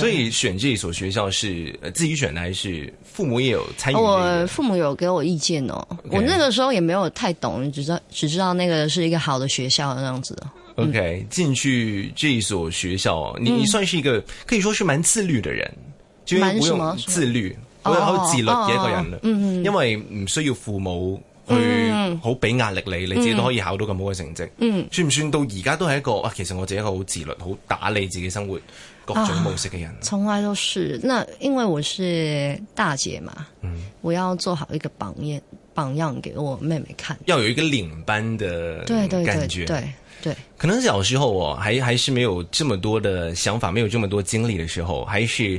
所以選這一所學校是，自己選呢，還是父母也有參與？我、哦、父母有給我意見哦。Okay. 我那個時候也沒有太懂，只知只知道那個是一個好的學校，那樣子。OK，進去這一所學校，你、嗯、你算是一個可以說是蠻自律的人，就好自律，我好自律嘅一個人。嗯、哦、嗯、哦。因為唔需要父母去好俾壓力你、嗯，你自己都可以考到咁好嘅成績。嗯。算唔算到而家都是一個啊？其實我自己一個好自律，好打理自己的生活。各種模式嘅人，從來都是。那因為我是大姐嘛、嗯，我要做好一個榜樣，榜樣給我妹妹看。要有一個領班的對對感覺，對對,對,對,對可能小時候我、哦，還還是沒有這麼多的想法，沒有這麼多經歷的時候，還是。